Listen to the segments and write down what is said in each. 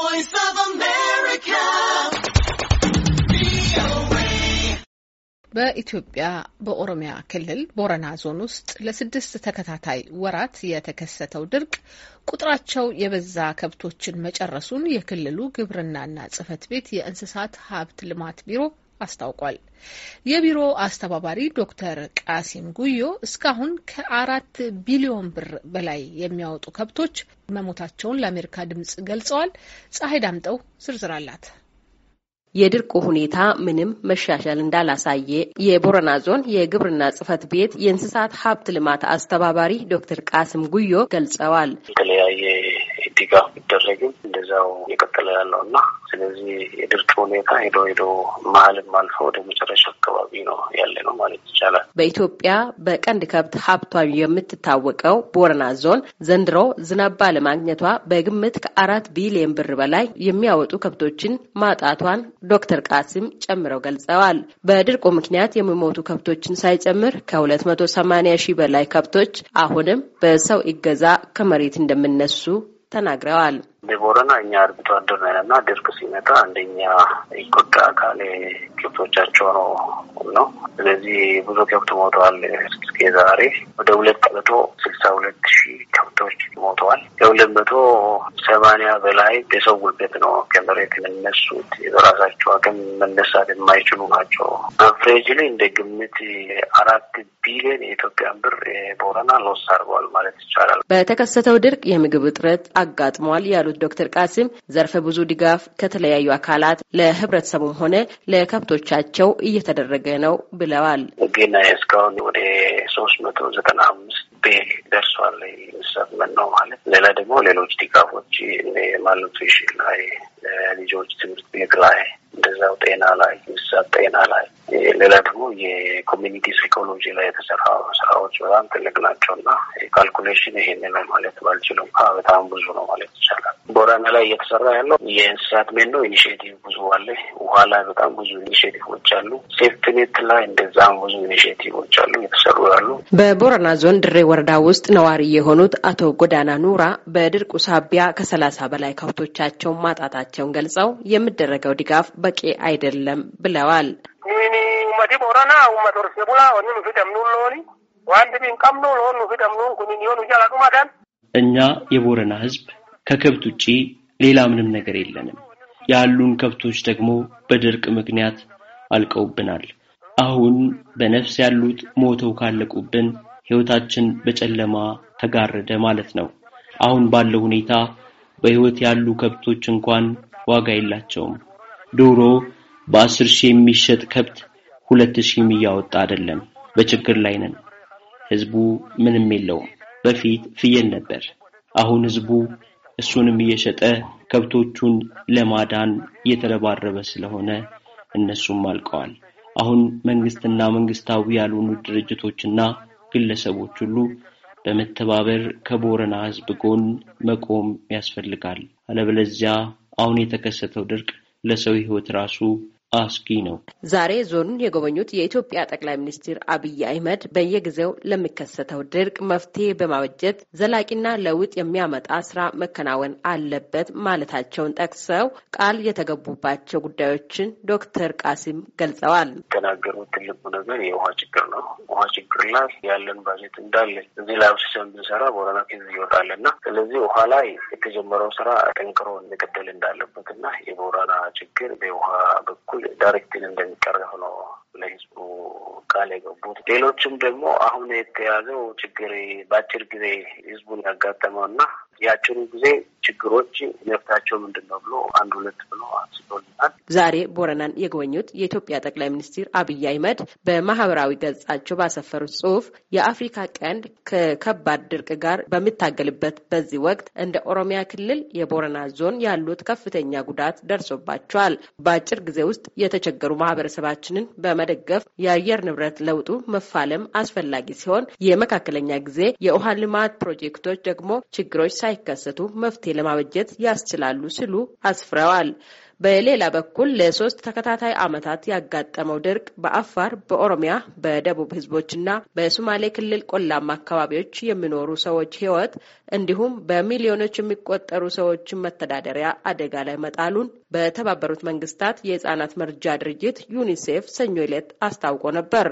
voice of America. በኢትዮጵያ በኦሮሚያ ክልል ቦረና ዞን ውስጥ ለስድስት ተከታታይ ወራት የተከሰተው ድርቅ ቁጥራቸው የበዛ ከብቶችን መጨረሱን የክልሉ ግብርናና ጽሕፈት ቤት የእንስሳት ሀብት ልማት ቢሮ አስታውቋል። የቢሮ አስተባባሪ ዶክተር ቃሲም ጉዮ እስካሁን ከአራት ቢሊዮን ብር በላይ የሚያወጡ ከብቶች መሞታቸውን ለአሜሪካ ድምጽ ገልጸዋል። ፀሐይ ዳምጠው ዝርዝር አላት። የድርቁ ሁኔታ ምንም መሻሻል እንዳላሳየ የቦረና ዞን የግብርና ጽህፈት ቤት የእንስሳት ሀብት ልማት አስተባባሪ ዶክተር ቃስም ጉዮ ገልጸዋል። የተለያየ ድጋፍ ቢደረግም እንደዛው የቀጠለ ያለው እና ስለዚህ የድርቅ ሁኔታ ሄዶ ሄዶ መሀልም አልፈ ወደ መጨረሻ አካባቢ ነው ያለ ነው ማለት ይቻላል። በኢትዮጵያ በቀንድ ከብት ሀብቷ የምትታወቀው ቦረና ዞን ዘንድሮ ዝናብ ባለማግኘቷ በግምት ከአራት ቢሊየን ብር በላይ የሚያወጡ ከብቶችን ማጣቷን ዶክተር ቃሲም ጨምረው ገልጸዋል። በድርቁ ምክንያት የሚሞቱ ከብቶችን ሳይጨምር ከሁለት መቶ ሰማኒያ ሺህ በላይ ከብቶች አሁንም በሰው ይገዛ ከመሬት እንደሚነሱ ተናግረዋል። ቦረና እኛ አርብቶ አደር ነን እና ድርቅ ሲመጣ አንደኛ ይጎዳ አካል ከብቶቻቸው ነው ነው። ስለዚህ ብዙ ከብት ሞተዋል። እስከ ዛሬ ወደ ሁለት መቶ ስልሳ ሁለት ሺህ ከብቶች ሞተዋል። ከሁለት መቶ ሰማንያ በላይ በሰው ጉልበት ነው ከመሬት የምነሱት። በራሳቸው አቅም መነሳት የማይችሉ ናቸው። አቨሬጅ ላይ እንደ ግምት አራት ቢሊዮን የኢትዮጵያን ብር ቦረና ሎስ አድርገዋል ማለት ይቻላል። በተከሰተው ድርቅ የምግብ እጥረት አጋጥመዋል ያሉት የገለጹት ዶክተር ቃሲም ዘርፈ ብዙ ድጋፍ ከተለያዩ አካላት ለህብረተሰቡም ሆነ ለከብቶቻቸው እየተደረገ ነው ብለዋል። ግና እስካሁን ወደ ሶስት መቶ ዘጠና አምስት ቤ ደርሷል። ሰብመን ነው ማለት ሌላ ደግሞ ሌሎች ድጋፎች ማልኑትሪሽን ላይ ልጆች ትምህርት ቤት ላይ እንደዛው ጤና ላይ እንስሳት ጤና ላይ ሌላ ደግሞ የኮሚኒቲ ሳይኮሎጂ ላይ የተሰራ ስራዎች በጣም ትልቅ ናቸው እና ካልኩሌሽን ይሄን ነው ማለት ባልችልም በጣም ብዙ ነው ማለት ይቻላል። ቦረና ላይ እየተሰራ ያለው የእንስሳት ሜን ነው። ኢኒሽቲቭ ብዙ አለ። ውሃ ላይ በጣም ብዙ ኢኒሽቲቮች አሉ። ሴፍትኔት ላይ እንደዛም ብዙ ኢኒሽቲቮች አሉ እየተሰሩ ያሉ። በቦረና ዞን ድሬ ወረዳ ውስጥ ነዋሪ የሆኑት አቶ ጎዳና ኑራ በድርቁ ሳቢያ ከሰላሳ በላይ ከብቶቻቸውን ማጣታቸውን ገልጸው የሚደረገው ድጋፍ በቂ አይደለም ብለዋል። እኛ የቦረና ህዝብ ከከብት ውጪ ሌላ ምንም ነገር የለንም። ያሉን ከብቶች ደግሞ በድርቅ ምክንያት አልቀውብናል። አሁን በነፍስ ያሉት ሞተው ካለቁብን ሕይወታችን በጨለማ ተጋረደ ማለት ነው። አሁን ባለው ሁኔታ በሕይወት ያሉ ከብቶች እንኳን ዋጋ የላቸውም። ዶሮ በአስር ሺህ የሚሸጥ ከብት ሁለት ሺህም እያወጣ አይደለም። በችግር ላይ ነን። ሕዝቡ ምንም የለውም። በፊት ፍየል ነበር። አሁን ሕዝቡ እሱንም እየሸጠ ከብቶቹን ለማዳን እየተረባረበ ስለሆነ እነሱም አልቀዋል። አሁን መንግስትና መንግስታዊ ያልሆኑ ድርጅቶችና ግለሰቦች ሁሉ በመተባበር ከቦረና ህዝብ ጎን መቆም ያስፈልጋል። አለበለዚያ አሁን የተከሰተው ድርቅ ለሰው ህይወት ራሱ አስጊ ነው። ዛሬ ዞኑን የጎበኙት የኢትዮጵያ ጠቅላይ ሚኒስትር አብይ አህመድ በየጊዜው ለሚከሰተው ድርቅ መፍትሄ በማበጀት ዘላቂና ለውጥ የሚያመጣ ስራ መከናወን አለበት ማለታቸውን ጠቅሰው ቃል የተገቡባቸው ጉዳዮችን ዶክተር ቃሲም ገልጸዋል። የተናገሩት ትልቁ ነገር የውሃ ችግር ነው። ውሃ ችግር ላይ ያለን ባጀት እንዳለ እዚህ ላይ አብስሰን ብንሰራ ቦረና ኬዝ ይወጣል እና ስለዚህ ውሃ ላይ የተጀመረው ስራ ጠንክሮ መቀጠል እንዳለበት እና የቦረና ችግር በውሃ በኩል በኩል ዳይሬክትን እንደሚቀረፍ ነው ለህዝቡ ቃል የገቡት። ሌሎችም ደግሞ አሁን የተያዘው ችግር በአጭር ጊዜ ህዝቡን ያጋጠመው እና የአጭሩ ጊዜ ችግሮች መፍታቸው ምንድን ነው ብሎ አንድ ሁለት ብሎ አንስቶ ዛሬ ቦረናን የጎበኙት የኢትዮጵያ ጠቅላይ ሚኒስትር አብይ አህመድ በማህበራዊ ገጻቸው ባሰፈሩት ጽሁፍ የአፍሪካ ቀንድ ከከባድ ድርቅ ጋር በሚታገልበት በዚህ ወቅት እንደ ኦሮሚያ ክልል የቦረና ዞን ያሉት ከፍተኛ ጉዳት ደርሶባቸዋል። በአጭር ጊዜ ውስጥ የተቸገሩ ማህበረሰባችንን በመደገፍ የአየር ንብረት ለውጡ መፋለም አስፈላጊ ሲሆን የመካከለኛ ጊዜ የውሃ ልማት ፕሮጀክቶች ደግሞ ችግሮች ሳይከሰቱ መፍትሄ ለማበጀት ያስችላሉ ሲሉ አስፍረዋል። በሌላ በኩል ለሶስት ተከታታይ ዓመታት ያጋጠመው ድርቅ በአፋር፣ በኦሮሚያ፣ በደቡብ ህዝቦችና በሶማሌ ክልል ቆላማ አካባቢዎች የሚኖሩ ሰዎች ህይወት እንዲሁም በሚሊዮኖች የሚቆጠሩ ሰዎችን መተዳደሪያ አደጋ ላይ መጣሉን በተባበሩት መንግስታት የህጻናት መርጃ ድርጅት ዩኒሴፍ ሰኞ ዕለት አስታውቆ ነበር።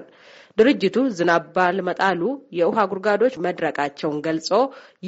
ድርጅቱ ዝናብ ባለመጣሉ የውሃ ጉድጓዶች መድረቃቸውን ገልጾ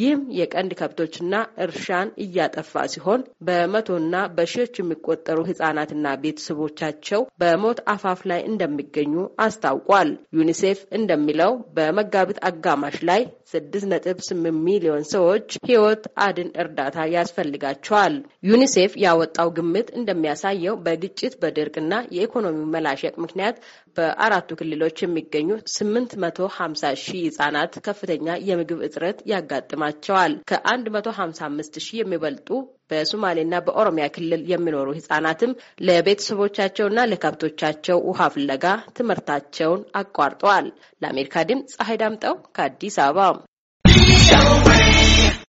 ይህም የቀንድ ከብቶችና እርሻን እያጠፋ ሲሆን በመቶና በሺዎች የሚቆጠሩ ህጻናትና ቤተሰቦቻቸው በሞት አፋፍ ላይ እንደሚገኙ አስታውቋል። ዩኒሴፍ እንደሚለው በመጋቢት አጋማሽ ላይ ስድስት ነጥብ ስምንት ሚሊዮን ሰዎች ህይወት አድን እርዳታ ያስፈልጋቸዋል። ዩኒሴፍ ያወጣው ግምት ግኝት እንደሚያሳየው በግጭት በድርቅና የኢኮኖሚ መላሸቅ ምክንያት በአራቱ ክልሎች የሚገኙ 850 መቶ ሺህ ህጻናት ከፍተኛ የምግብ እጥረት ያጋጥማቸዋል። ከ መቶ ሀምሳ አምስት ሺህ የሚበልጡ በሶማሌና በኦሮሚያ ክልል የሚኖሩ ህጻናትም ለቤተሰቦቻቸውና ለከብቶቻቸው ውሃ ፍለጋ ትምህርታቸውን አቋርጠዋል። ለአሜሪካ ድምፅ ፀሐይ ዳምጠው ከአዲስ አበባ